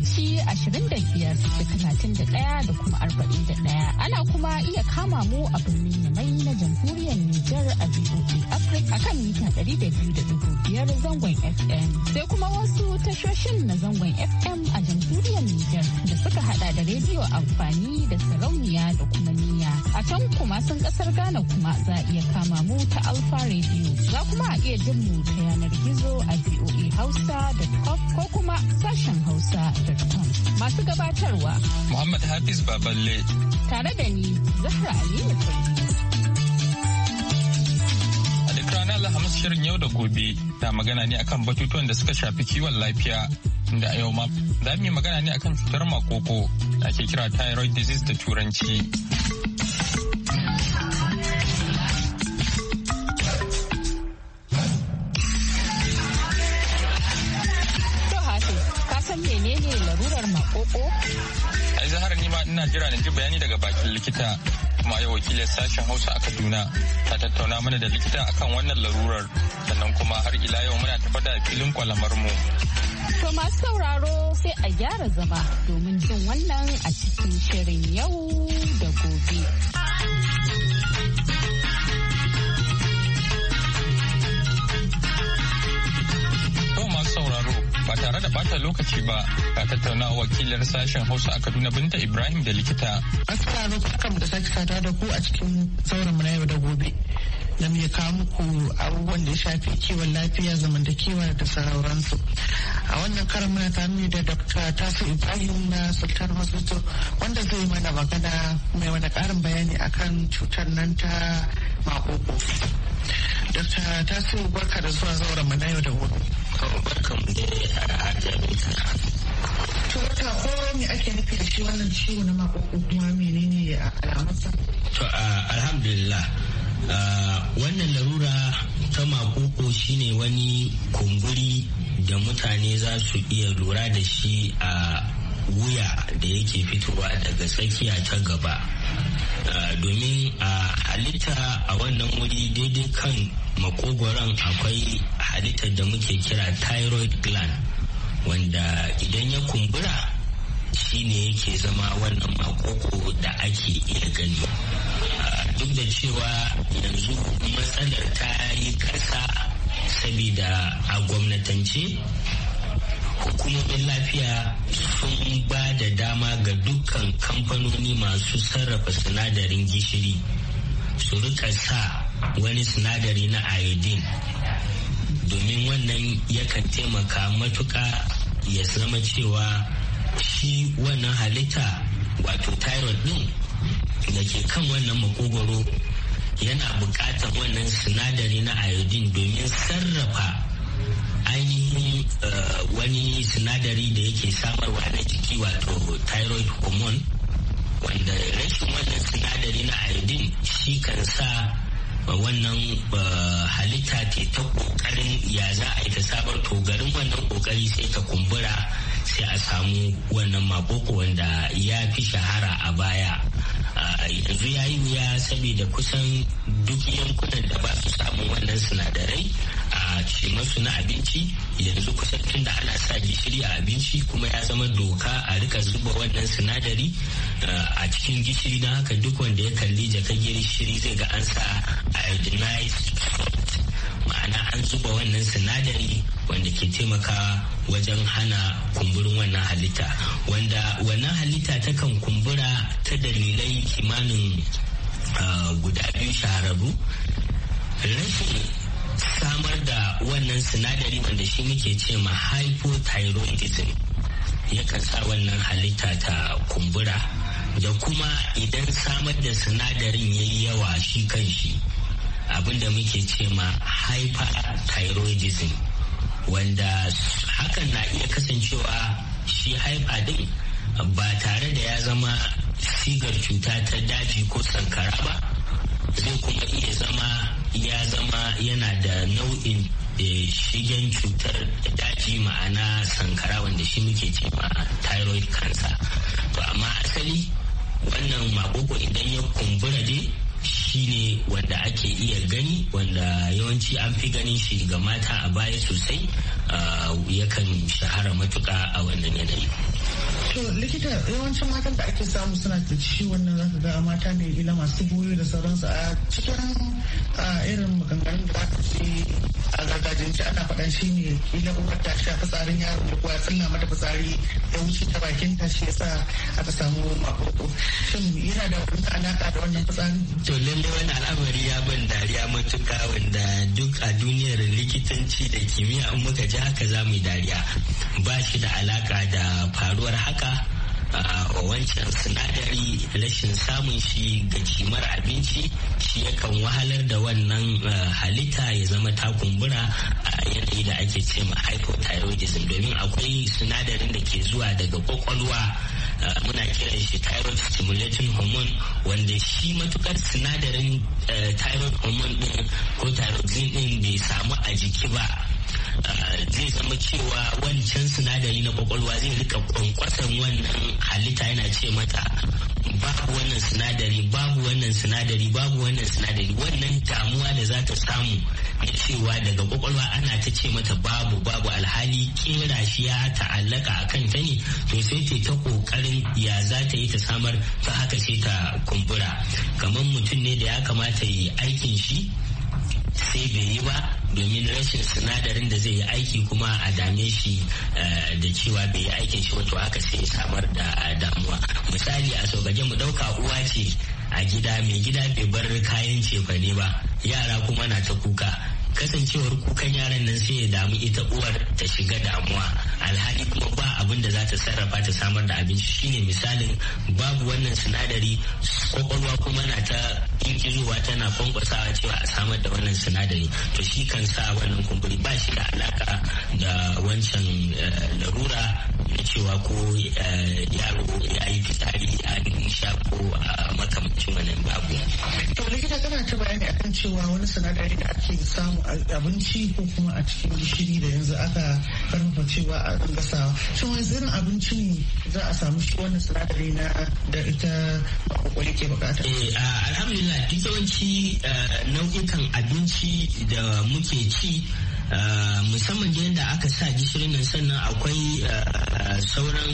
mitoci 25 da 31 da kuma 41. Ana kuma iya kama mu a birnin can kuma sun kasar Ghana kuma za a iya kama mu ta Alfa Radio. Za kuma a iya jin mu ta yanar gizo a VOA Kof ko kuma sashen hausa da Hausa.com. Masu gabatarwa. Muhammad Hafiz Baballe. Tare da ni Zahra Aliyu duk ranar Alhamis shirin yau da gobe na magana ne akan batutuwan da suka shafi kiwon lafiya. Inda a yau ma za mu yi magana ne akan cutar makoko da ake kira thyroid disease da turanci. ina jira na ji bayani daga bakin likita kuma yau wakilin sashen hausa a kaduna ta tattauna mana da likita akan wannan larurar sannan kuma har ila yau muna tafa da filin kwalamar mu To masu sauraro sai a gyara zama domin jin wannan a cikin shirin yau da gobe. ba tare da bata lokaci ba ga tattaunawa wakilar sashen hausa a kaduna binta ibrahim da likita asalamu kam da sake sata da ku a cikin sauran mu na yau da gobe na mai kawo muku abubuwan da ya shafi kiwon lafiya zamantakewa da sauransu a wannan karan muna tare ne da dr tasu ibrahim na sultan hospital wanda zai mana magana mai wani karin bayani akan cutar nan ta makoko Dokta Tasu barka da zuwa zauren mu na yau da gobe. barka mu da a To wata ko me ake nufi da shi wannan ciwo na makoko kuma menene alamunsa? To alhamdulillah wannan larura ta makoko shine wani kumburi da mutane za su iya lura da shi a wuya da yake fitowa daga tsakiya ta gaba domin a halitta a wannan wuri daidai kan makogoron akwai halittar da muke kira thyroid gland wanda idan ya kumbura shi ne yake zama wannan makoko da ake iya gani duk da cewa yanzu matsalar ta yi kasa sabida a gwamnatance hukumomin lafiya sun ba da dama ga dukkan kamfanoni masu sarrafa sinadarin gishiri su rika sa wani sinadari na iodine domin wannan yakan taimaka matuka ya zama cewa shi wannan halitta wato thyroid din da ke kan wannan makogwaro yana buƙatar wannan sinadari na iodine domin wani sinadari da yake samarwa na jiki wato thyroid hormone wanda rashin wannan sinadari na iodine shi kan sa uh, wannan uh, halitta ke ta kokarin ya za a yi ta sabar to garin wannan kokari sai ta kumbura sai a samu wannan makoko wanda ya fi shahara a baya uh, yanzu ya yi wuya saboda kusan duk yankunan da ba su samu wannan sinadarai a ce masu na abinci yanzu kusan tun da ana sa gishiri a abinci kuma ya zama doka a rika zuba wannan sinadari eh, a cikin gishiri na haka duk wanda ya kalli jaka gishiri zai ga an sa iodinized ma'ana an zuba wannan sinadari wanda ke taimaka wajen hana kumburin wannan halitta wanda wannan halitta ta kan kumbura ta dalilai kimanin eh, guda biyu shahararru rashin samar da wannan sinadari wanda shi muke ce ma hypothyroidism yakan sa wannan halitta ta kumbura da kuma idan samar da sinadarin ya yi yawa shi kan shi abinda muke ce ma hyperthyroidism wanda hakan na iya kasancewa shi haifa din ba tare da ya zama sigar cuta ta daji ko sankara ba zai kuma iya zama ya zama yana da nau'in eh, shigen cutar daji ma'ana sankara wanda shi muke ce ma thyroid cancer to amma asali wannan makoko idan ya kumbura dai Shi ne wanda ake iya gani wanda yawanci an fi ganin shi ga mata a baya sosai yakan shahara matuka a wannan yanayi to likita yawancin matan da ake samu suna da shi wannan zaka ga mata ne ila masu goyo da sauransu a cikin irin maganganun da aka ce a gargajiyance ana faɗan shi ne ila uwa ta sha fitsarin yaro da kuwa tsilla mata fitsari ya wuce ta bakin ta shi yasa aka samu makoko shin yana da wani alaka da wannan fitsarin to lallai wani al'amari ya ban dariya matuka wanda duk a duniyar likitanci da kimiyya in muka ji haka za mu yi dariya ba shi da alaka da faruwar haka a wancan sinadari rashin samun shi ga kimar abinci shi yakan wahalar da wannan halitta ya zama ta kumbura a yanayi da ake ce ma hypothyroidism domin akwai sinadarin da ke zuwa daga kwakwalwa muna kiran shi thyroid stimulating hormone wanda shi matukar sinadarin eh, thyroid hormone din ko thyroxine din bai samu a jiki ba eh, zai zama cewa wancan nazari na kwakwalwa zai rika kwankwasan wannan halitta yana ce mata babu wannan sinadari babu wannan sinadari babu wannan sinadari wannan damuwa da za ta samu na cewa daga kwakwalwa ana ta ce mata babu babu alhali kera shi ya ta'allaka a kan ta ne to sai ta ta kokarin ya za ta yi ta samar ta haka sai ta kumbura kamar mutum ne da ya kamata yi aikin shi sai bai yi ba domin rashin sinadarin da zai yi aiki kuma a dame shi eh, da cewa bai yi aikin shi wato aka sai samar da eh, damuwa misali a sauƙaƙe mu ɗauka uwa ce a gida mai gida bai bar kayan cefane ba yara kuma na ta kuka kasancewar kukan yaran nan sai ya damu ita uwar ta shiga damuwa alhali kuma ba abin da za ta sarrafa ta samar da abinci shine misalin babu wannan sinadari kwakwalwa kuma na ta inkizuwa tana kwankwasawa cewa a samar da wannan sinadari to shi kan sa wannan kumburi ba shi da alaka da wancan eh, larura na cewa ko eh, yaro ya yi fitsari a nisha ko a makamancin wannan babu. likita kana ta bayani akan cewa wani sinadari da ake samu abinci ko kuma a cikin gishiri da yanzu aka karfafa cewa a dinga wani abinci ne za a samu shi wannan sinadari na da ita kwakwale ke bukata eh alhamdulillah duk yawanci eh, nau'ikan abinci da muke ci eh, musamman da yadda aka sa gishirin nan sannan akwai eh, sauran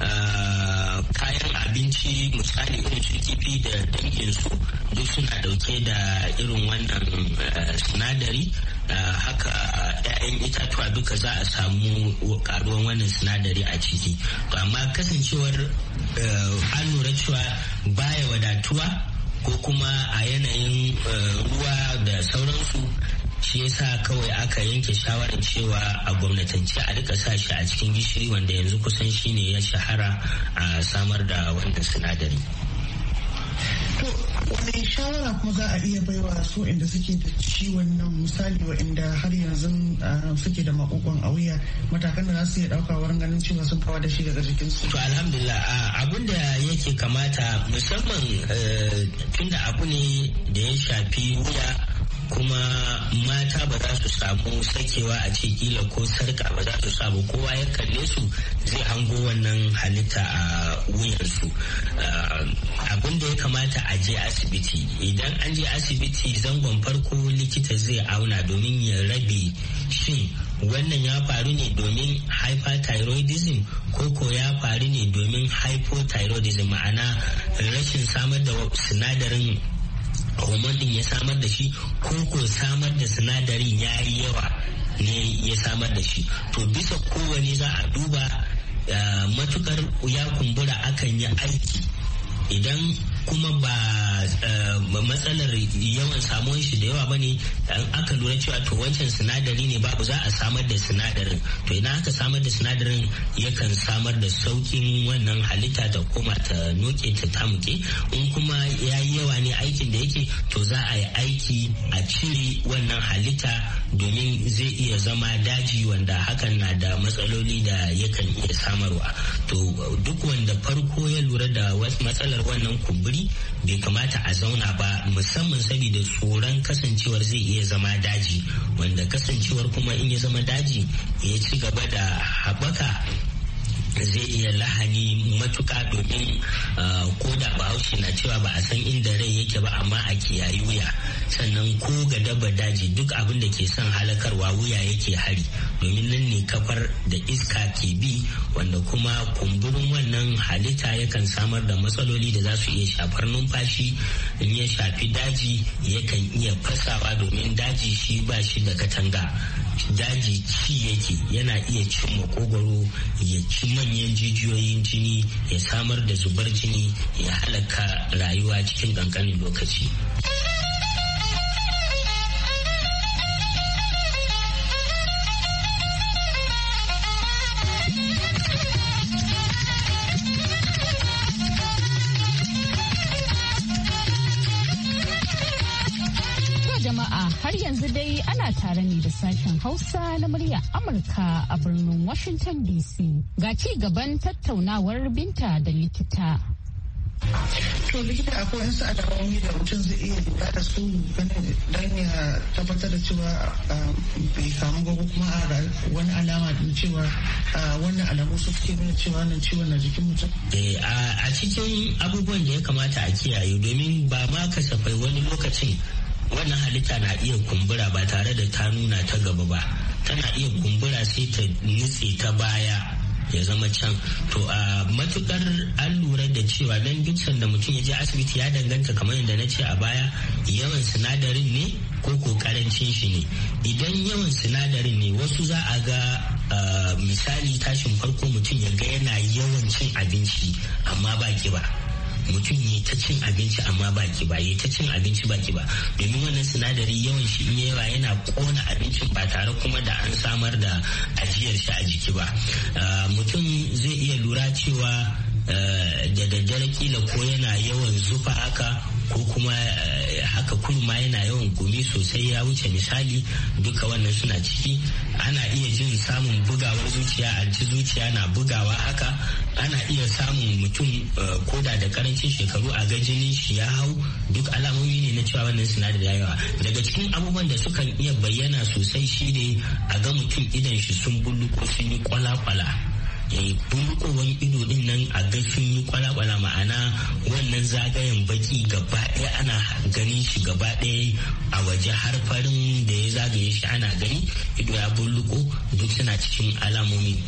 Eh, kayan abinci misali irin su kifi da danginsu duk suna dauke da irin wannan eh, sinadari eh, haka 'ya'yan itatuwa duka za a samu karuwan wannan sinadari a ciki amma kasancewar an lura cewa baya wadatuwa ko kuma a yanayin ruwa da sauransu shi yasa kawai aka yanke shawarar cewa a gwamnatance a duka sa shi a cikin gishiri wanda yanzu kusan shine ya shahara a samar da wannan sinadari wani shawara kuma za a iya baiwa su inda suke da ciwon nan misali wa inda har yanzu ah, suke da makokon a wuya matakan da za su iya dauka wurin ganin cewa sun kawo da shi daga jikin su. to alhamdulillah abin da yake kamata musamman eh, tunda abu ne da ya shafi wuya kuma mata ba za su samu sakewa a ce kila ko sarka ba za su samu kowa ya kalle su zai hango wannan halitta a su ah, abin da ya kamata a je asibiti idan an je asibiti zangon farko likita zai auna domin ya rabe shi wannan ya faru ne domin hyperthyroidism ko ko ya faru ne domin hypothyroidism ma'ana rashin samar da sinadarin hormone din ya samar da shi ko ko samar da sinadarin ya yi yawa ne ya samar da shi to bisa kowane za a duba eh, matukar ya kumbura akan yi aiki idan kuma eh, ba matsalar yawan samuwar shi da yawa ba ne an aka lura cewa to wancan sinadari ne babu za a samar da sinadarin to idan aka samar da sinadarin yakan samar da saukin wannan halitta ta koma ta noke ta tamuke in kuma ya yi yawa ne aikin da yake to za a yi aiki a cire wannan halitta domin zai iya zama daji wanda hakan na da matsaloli da yakan iya samarwa to duk wanda farko ya lura da matsalar wannan kumburi guri bai kamata a zauna ba musamman saboda tsoron kasancewar zai iya zama daji wanda kasancewar kuma in ya zama daji ya ci gaba da haɓaka zai iya lahani matuka domin ah, ko da bahaushe na cewa ba a san inda rai yake ba amma a kiyayi wuya sannan ko ga daba daji duk abin da ke son halakarwa wuya yake hari domin nan ne kafar da iska ke bi wanda kuma kumburin wannan halitta yakan samar da matsaloli da za su iya shafar numfashi in ya shafi daji yakan iya fasawa domin daji shi ba shi da katanga daji ci yake yana iya cin makogwaro ya ci manyan jijiyoyin jini ya samar da zubar jini ya halaka rayuwa cikin kankanin lokaci. tare ne da sashen Hausa na murya Amurka a birnin Washington DC. Ga ci gaban tattaunawar binta da likita. To likita akwai wasu alamomi da mutum zai iya lura da su don ya tabbatar da cewa ah, bai samu gobe kuma a wani alama din cewa ah, wannan alamu su fi nuna cewa nan ciwon na jikin mutum. Eh, a cikin abubuwan da ya kamata a kiyaye domin ba ma kasafai wani lokacin wannan halitta na iya kumbura ba tare da ta nuna ta gaba ba tana iya kumbura sai ta nutse ta baya ya zama can to a matukar an lura da cewa dan gibson da mutum ya je asibiti ya danganta kamar yadda na ce a baya yawan sinadarin ne ko ko karancin shi ne idan yawan sinadarin ne wasu za a ga misali tashin farko mutum ya ga yana yawan cin abinci amma ba kiba mutum ya ta cin abinci amma ki ba ya ta cin abinci baki ba domin wannan sinadari yawan shi in yawa yana kona abincin ba tare kuma da an samar da ajiyar shi a jiki ba ah, mutum zai iya lura cewa ah, da daddare kila ko yana yawan zufa haka ko kuma eh, haka kurma yana yawan gumi sosai ya wuce misali duka wannan suna ciki ana iya jin samun bugawar zuciya a ci zuciya na bugawa haka ana iya samun mutum eh, koda da karancin shekaru a ga jini shi ya hau duk alamomi ne na cewa wannan sinadari ya yawa daga cikin abubuwan da sukan iya bayyana sosai shi ne a ga mutum idan shi sun bulu ko sun yi kwala-kwala Eh, bunkowar ido din nan a gaifin yi kwalakwala ma'ana wannan zagayen baki gaba ɗaya ana gani shi gaba ɗaya a waje har farin da ya zagaye shi ana gani ido ya bulluko duk suna cikin alamomi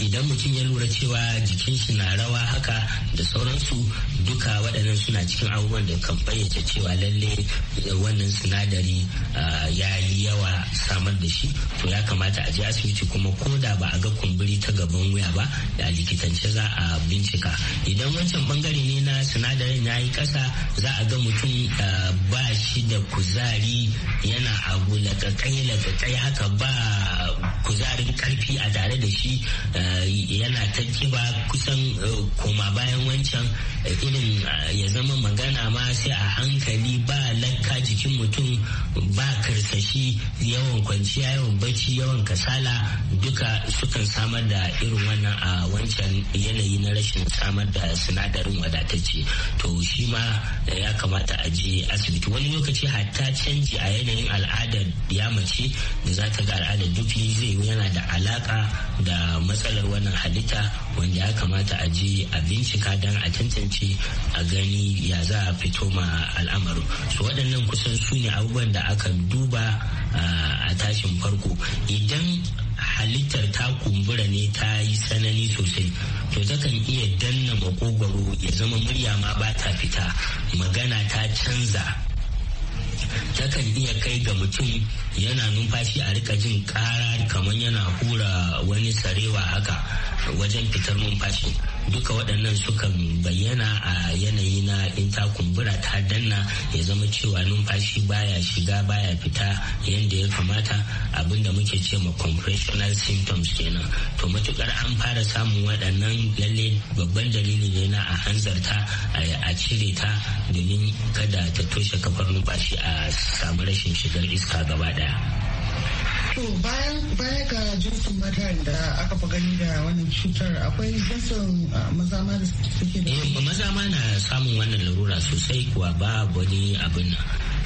idan mutum ya lura cewa jikin shi na rawa haka da sauransu duka waɗannan suna cikin abubuwan da kan fayyace cewa lalle eh, wannan sinadari ya yi yawa samar da shi to ya kamata a je asibiti kuma ko da ba a ga kumburi ta gaban wuya ba da likitance za a bincika idan wancan bangare ne na sinadarin ya yi ƙasa za a ga mutum ba shi da kuzari yana abu laƙaƙai laƙaƙai haka ba kuzarin karfi a tare da shi shi eh, yana ta kiba kusan eh, koma bayan wancan eh, irin ya zama magana ma sai a hankali ba lakka jikin mutum ba karsashi yawan kwanciya yawan bacci yawan kasala duka sukan samar da irin wannan a wancan yanayi na rashin samar da sinadarin wadatacce to shi ma ya kamata a je asibiti wani lokaci hatta canji a yanayin al'adar ya mace da za ta ga al'adar dufi zai yana da alaka da da matsalar wannan halitta wanda ya kamata a je a bincika don a tantance a gani ya za a fito ma al'amarin su waɗannan kusan su ne abubuwan da aka duba a tashin farko idan halittar ta kumbura ne ta yi tsanani sosai to takan iya danna makogwaro ya zama murya ma ba ta fita magana ta canza takan iya kai ga mutum yana numfashi a rika jin kara kamar yana hura wani sarewa haka wajen fitar numfashi duka waɗannan sukan bayyana a yanayi na in ta kumbura ta danna ya zama cewa numfashi baya shiga baya fita yadda ya kamata abinda muke ce ma compressional symptoms kenan to matukar an fara samun waɗannan lalle babban dalili ne na a hanzarta a cire ta domin kada ta toshe kafar numfashi a samu rashin shigar iska gaba ɗaya. To bayan baya ga jinsin mata da aka fi gani da wannan cutar akwai jinsin uh, maza ma da suke da shi. Eh, maza ma na samun wannan larura sosai kuwa ba wani abin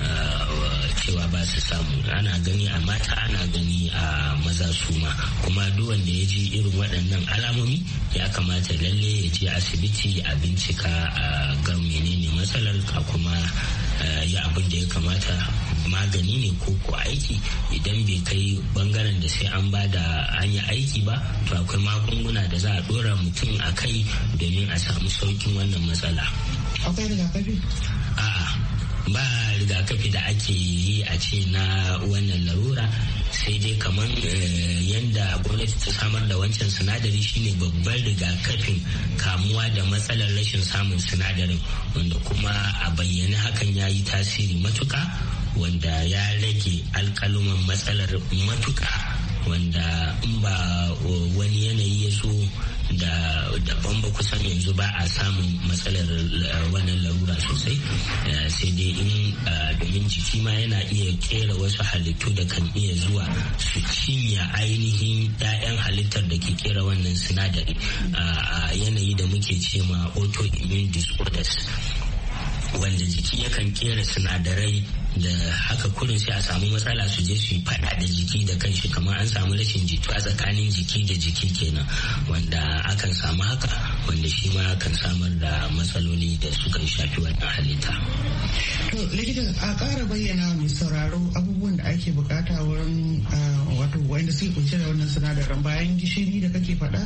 uh, cewa ba su samu ana gani a mata ana gani a maza su ma kuma duk wanda ya ji irin waɗannan alamomi ya kamata lalle ya je asibiti a bincika a uh, ga menene matsalar a kuma ya abin da ya kamata magani ne ko ko aiki idan bai kai bangaren da sai an ba da yi aiki ba to akwai magunguna da za a dora mutum a kai domin a samu saukin wannan matsala akwai rigakafi a'a ba rigakafi da ake yi a ce na wannan larura sai dai kamar eh, yadda gwamnati ta samar da wancan sinadari shine babban rigakafin kamuwa da matsalar rashin samun sinadarin wanda kuma a bayyane hakan ya yi tasiri matuka wanda ya rage alkaluman matsalar matuka wanda in ba wani yanayi ya so da daban ba kusan yanzu ba a samun matsalar wannan larura sosai eh, sai dai in eh, domin jiki ma yana iya kera wasu halittu da kan iya zuwa su cinye ainihin 'ya'yan halittar da ke kera wannan sinadari a yanayi da muke ce ma autoimmune disorders wanda jiki yakan kera sinadarai da haka kurin sai a samu matsala su je su yi fada da jiki da kanshi kamar an samu rashin jituwa tsakanin jiki da jiki kenan wanda akan samu haka wanda shi ma kan samar da matsaloli da suka shafi wannan halitta. To likita a ƙara bayyana mai sauraro abubuwan da ake bukata wurin wato wanda suke kunshe da wannan sinadaran bayan gishiri da kake faɗa?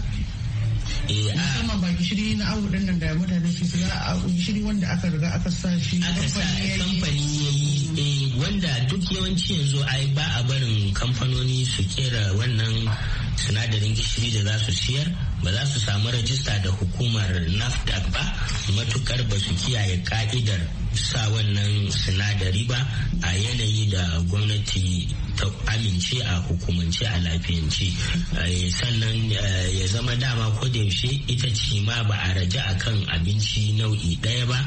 Eh, musamman ba gishiri na awo nan da mutane su a gishiri wanda aka riga aka sa shi kamfani ya yi eh wanda duk yawanci yanzu ai ba a barin kamfanoni su kera wannan sinadarin gishiri da za su siyar ba za su samu rajista da hukumar nafdak ba matukar ba su kiyaye ka'idar sa wannan sinadari ba a yanayi da gwamnati ta amince a hukumance a lafiyance eh, sannan eh, ya zama dama ko da yaushe ita ce ma ba a raja akan abinci nau'i ɗaya ba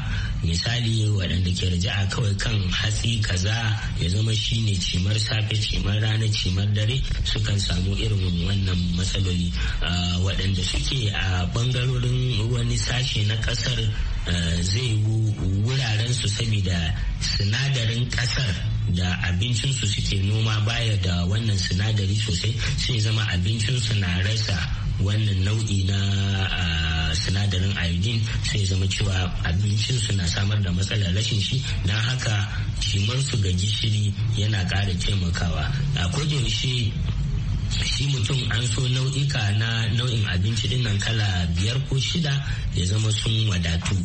misali waɗanda ke a kawai kan hatsi kaza ya zama shine cimar safe cimar rana cimar dare sukan samu irin wannan matsaloli eh, waɗanda suke a ɓangarorin wani sashe na ƙasar zai wuraren su saboda sinadarin ƙasar da abincinsu suke noma baya da wannan sinadari sosai sai zama abincinsu na rasa wannan nau'i na sinadarin iodine sai zama cewa abincinsu na samar da matsalar rashin shi don haka cimarsu ga gishiri yana ƙara taimakawa a shi shi mutum an so nau'ika na nau'in abinci din kala biyar ko shida ya zama sun wadatu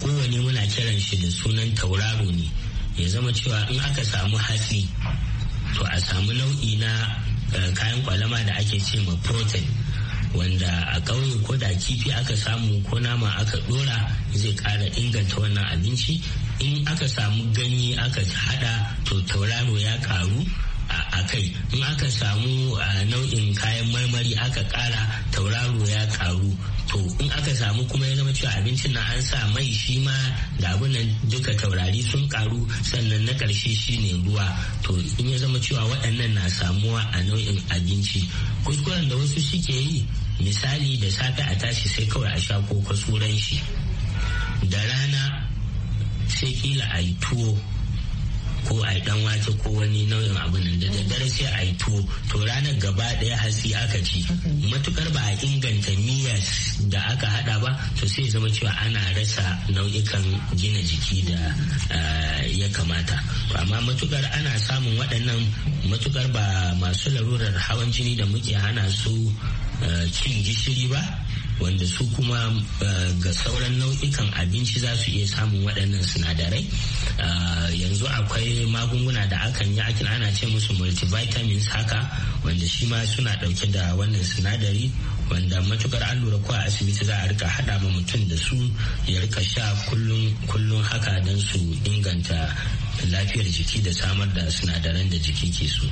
kowane muna kiran shi da sunan tauraro ne ya zama cewa in aka samu hatsi to a samu nau'i na eh, kayan kwalama da ake ce ma protein wanda a ƙauye ko da kifi aka samu ko nama aka ɗora zai ƙara inganta wannan abinci in aka samu ganye aka hada to tauraro ya ƙaru a kai in aka samu nau'in kayan marmari aka kara tauraro ya karu to in aka samu kuma ya zama cewa abincin na an sa mai shi ma da nan duka taurari sun karu sannan na karshe shi ne ruwa to in ya zama cewa waɗannan na samuwa a nau'in abinci kuskuren da wasu suke yi misali da safe a tashi sai kawai a sha koko shi da rana sai kila a yi tuwo ko a dan wake ko wani nau'in abu abin da daddare sai a yi tuwo to ranar gaba ɗaya hatsi aka ci matukar ba a inganta miya da aka hada ba to sai zama cewa ana rasa nau'ikan gina jiki da eh, ya kamata amma matukar ana samun waɗannan matukar ba masu larurar hawan jini da muke hana su eh, cin gishiri ba wanda su kuma eh, ga sauran nau'ikan abinci za su iya samun waɗannan sinadarai eh, yanzu akwai magunguna da akan yi akin ana ce musu multivitamins haka wanda shi ma suna ɗauke da wannan sinadari wanda matukar an lura ko a asibiti za a rika haɗa ma mutum da su ya rika sha kullum kullum haka don su inganta lafiyar jiki da samar da sinadaran da jiki ke so.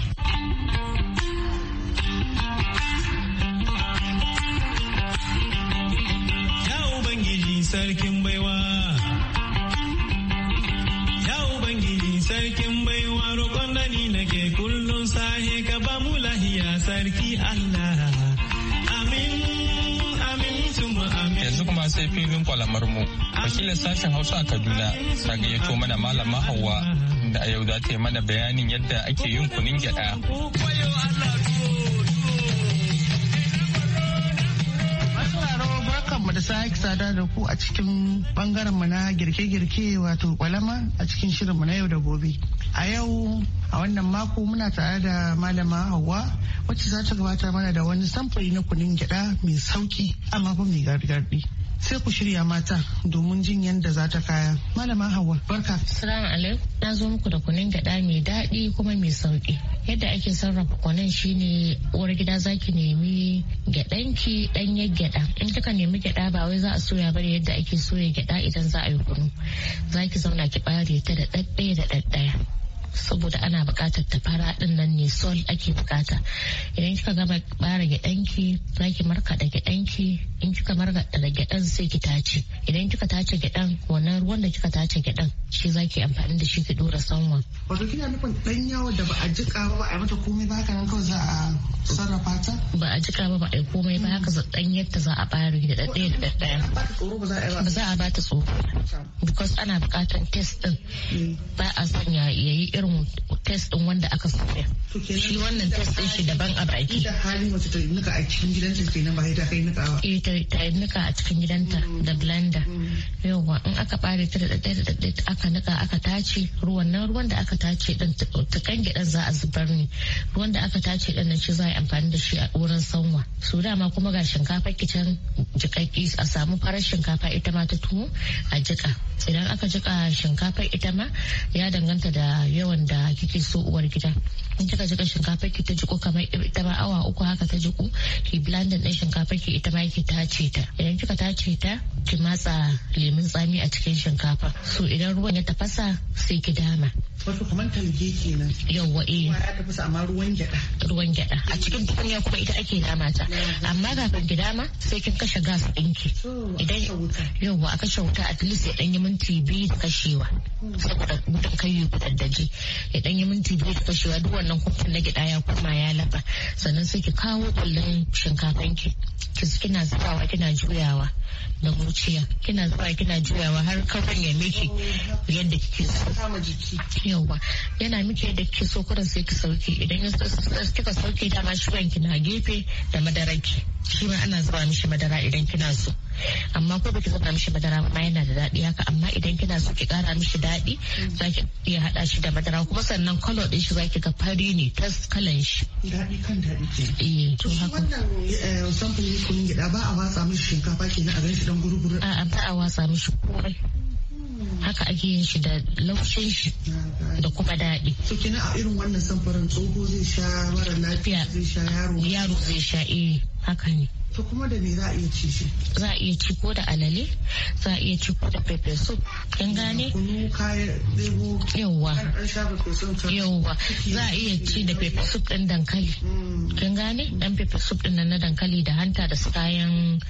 sarkin baiwa. Ya Ubangiji sarkin baiwa roƙon da ni nake kullum sahe ka ba mu lahiya sarki Allah. yanzu kuma sai filin kwalamar mu wakilin sashen hausa a kaduna ta gayyato mana malama hawa da a yau za ta yi mana bayanin yadda ake yin kunin gyada da sake sada da ku a cikin bangaren mu na girke-girke wato kwalama a cikin shirin mu na yau da gobe. A yau a wannan mako muna tare da malama Hauwa wacce za ta gabatar mana da wani samfuri na kunin gyada mai sauki amma fa mai gargaɗi. sai ku shirya mata domin jin yadda za ta kaya. Malama Hauwa, barka. Salamu alaikum. Na zo muku da kunun gyaɗa mai daɗi kuma mai sauƙi. Yadda ake sarrafa kunun shine uwar gida za ki nemi gyaɗanki yi gyaɗa. In kika nemi gyaɗa ba wai za a soya bane yadda ake soya gyaɗa idan za a yi kunu. Za ki zauna ki ɓare ta da ɗaɗɗaya da ɗaɗɗaya. saboda ana bukatar ta fara din nan ne sol ake bukata idan kika gama bara gyaɗanki za ki markaɗa gyaɗanki in kika markaɗa gyaɗan sai ki tace idan kika tace gyaɗan wannan ruwan da kika tace gyaɗan shi za ki amfani da shi ki dora sanwa. wato kina nufin ɗan yawo da ba a jika ba ba a mata komai ba haka nan kawai za a sarrafa ta. ba a jika ba ba a yi komai ba haka dan yadda za a bayar da ɗaɗɗaya da ɗaɗɗaya. ba za a ba ta tsoro because ana bukatar test din mm. ba a sanya yayi irin irin test din wanda aka soya shi wannan test din shi daban a baki da hali mace ta nika a cikin gidanta nan ba ita kai nika ba eh ta nika a cikin gidanta mm. da blender mm. yawa in aka bare ta da daddai da daddai aka nika aka tace ruwan nan ruwan da aka tace din ta kange dan za a zubar ne ruwan da aka tace din nan shi za a yi amfani da shi a wurin sanwa su dama kuma ga shinkafa kicin jikakki a samu farar shinkafa ita ma ta tuwo a jika idan aka jika shinkafa ita ma ya danganta da yau yawan da kike so uwar gida in kika jika shinkafar ki ta jiko kamar ita ma awa uku haka ta jiko ki blandan din shinkafar ki ita ma ki ta ce ta idan kika ta ce ta ki matsa lemun tsami a cikin shinkafa so idan ruwan ya tafasa sai ki dama wato kamar talge kenan yawwa eh ya tafasa amma ruwan gyada ruwan gyada a cikin tukunya kuma ita ake dama ta amma kafin ki dama sai kin kashe gas ɗinki idan yawwa a kashe wuta at least ya dan yi minti biyu da kashewa hmm. saboda mutum kai ya kudaddaji ya dan yi minti biyu da kashewa duk wannan kwafin na gida ya kuma ya lafa sannan sai ki kawo kullun shinkafan ki kina zubawa kina juyawa da muciya kina zubawa kina juyawa har kafin ya miki yadda kike so yawa yana miki yadda kike so kurin sai ki sauke idan kika sauke dama shugan ki gefe da madaraki ki shi ma ana zuba mishi madara idan kina so amma ko baki zuba mishi madara ma yana da daɗi haka amma idan kina so ki kara mishi daɗi ki iya haɗa shi da madara kuma sannan kwalo ɗin shi za ki ga fari ne ta kalan shi daɗi kan daɗi ke eh, to haka wannan eh, samfuri ne kun gida ba a watsa mishi shinkafa kenan a ganshi dan guruguru a'a ba a watsa mishi komai haka ake yin shi da laushin shi da kuma daɗi. To kina a irin wannan samfurin tsoho zai sha mara lafiya zai sha yaro. Yaro zai sha eh haka ne. To kuma da me za a iya ci shi? Za a iya ci ko da alale, za a iya ci ko da pepper soup. Kin gane? Kunu Yawwa. Yawwa. Za a iya ci da pepper soup din dankali. Mm. Kin gane? dan pepper soup din nan na dankali da hanta da su kayan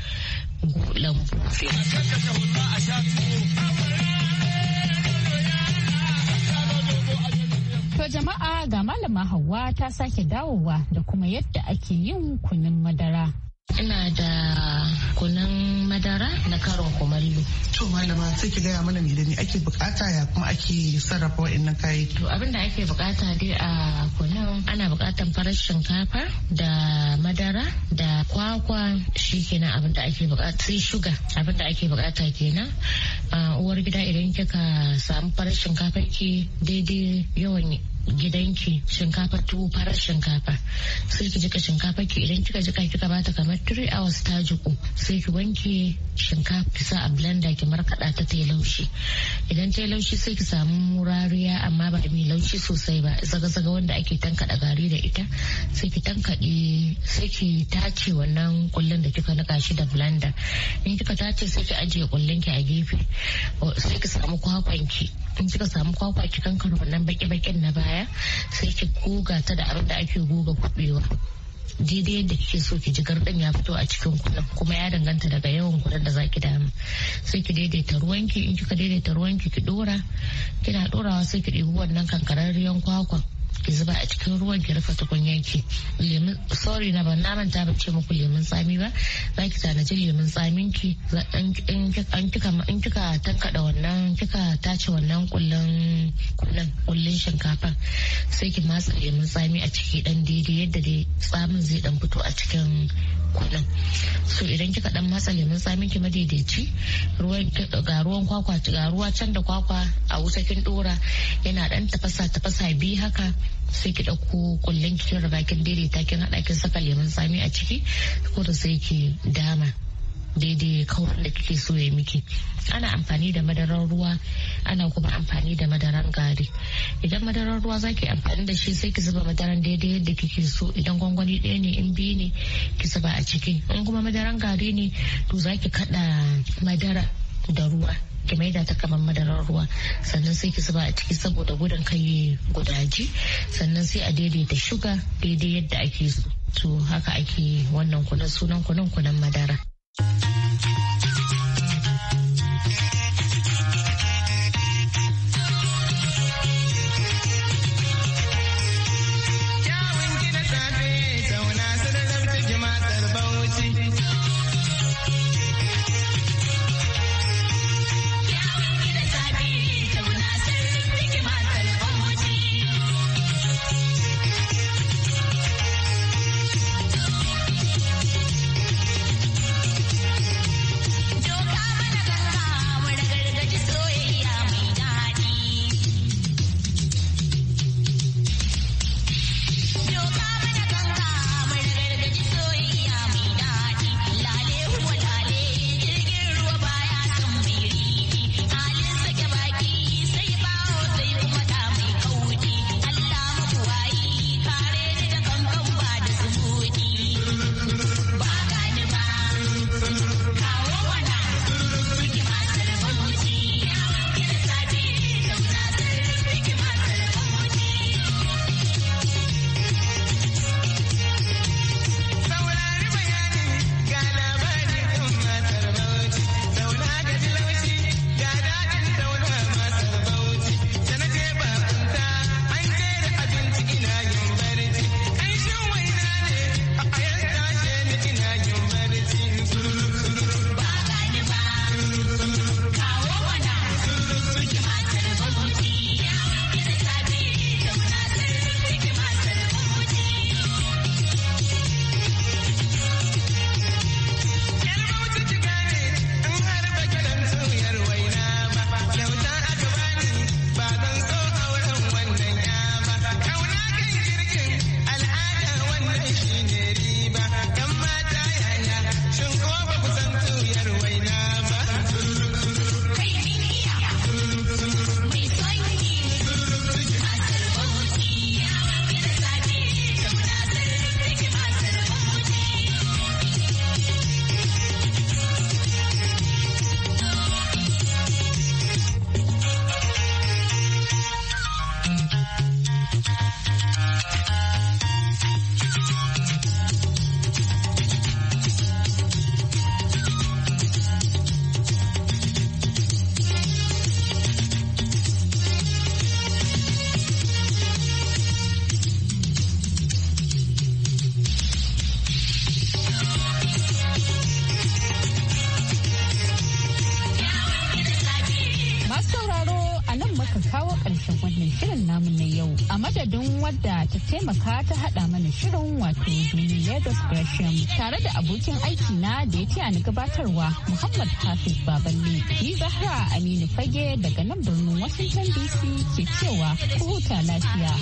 lambu. To jama'a ga malama Hauwa ta sake dawowa da kuma yadda ake yin kunin madara. Ina da kunun madara na karin kumallo. To malama sai ki gaya mana me ne ake bukata ya kuma ake sarrafa wa'annan kayayyaki. To abin da ake bukata dai a kunun ana bukatan farar shinkafa da madara da kwakwa shi kenan abin da ake bukata sai shuga abin da ake bukata kenan. uwar gida idan kika samu farar shinkafa ke daidai yawan gidanki shinkafa tuwo farar shinkafa sai ki jika shinkafa ki idan kika jika kika bata kamar 3 hours ta jiku sai ki wanke shinkafa ki sa a blender ki markaɗa ta ta laushi idan ta laushi sai ki samu murariya amma ba mai laushi sosai ba zaga-zaga wanda ake tankaɗa gari da ita sai ki tankaɗe sai ki tace wannan kullun da kika nika shi da blender in kika tace sai ki ajiye kullun ki a gefe sai ki samu kwakwanki. ki in kika samu kwakwa cikin kankana wannan baki-bakin na baya sai ki goga ta da abin da ake goga kuɓewa daidai yadda kike so ki ji garɗin ya fito a cikin kuɗin kuma ya danganta daga yawan kuɗin da za ki dama sai ki daidaita ruwanki in kika daidaita ruwanki ki ɗora kina dorawa sai ki ɗebi wannan kankararriyar kwakwan ki zuba a cikin ruwan ki rufe tukunyan ki lemun sorry na ban manta ba ce muku lemun tsami ba za ki tanaji lemun tsamin ki in kika an kika tankada wannan kika tace wannan kullun kullun kullun shinkafa sai ki matsa lemun tsami a ciki dan daidai yadda dai tsamin zai dan fito a cikin kullun so idan kika dan matsa lemun tsamin ki madaidaici ruwan ga ruwan kwakwa ga ruwa can da kwakwa a wuta kin dora yana dan tafasa tafasa bi haka sai ki ɗauko kullun ki kin bakin kin daidaita kin haɗa kin saka lemun tsami a ciki ko da sai ki dama daidai kawai da kike so ya miki ana amfani da madarar ruwa ana kuma amfani da madarar gari idan madarar ruwa zaki amfani da shi sai ki zuba madaran daidai yadda kike so idan gwangwani ɗaya ne in biyu ne ki zuba a ciki in kuma madaran gari ne to zaki kaɗa madara da ruwa ki maida ta kamar madarar ruwa sannan sai ki zuba a ciki saboda gudun kai gudaji sannan sai a daidaita shuga daidai yadda ake so to haka ake wannan kunan sunan kunan kunan madara da ya tiya ni gabatarwa Muhammad Hafiz Baballe. Ni Zahra Aminu Fage daga nan birnin Washington DC ke cewa ku huta lafiya.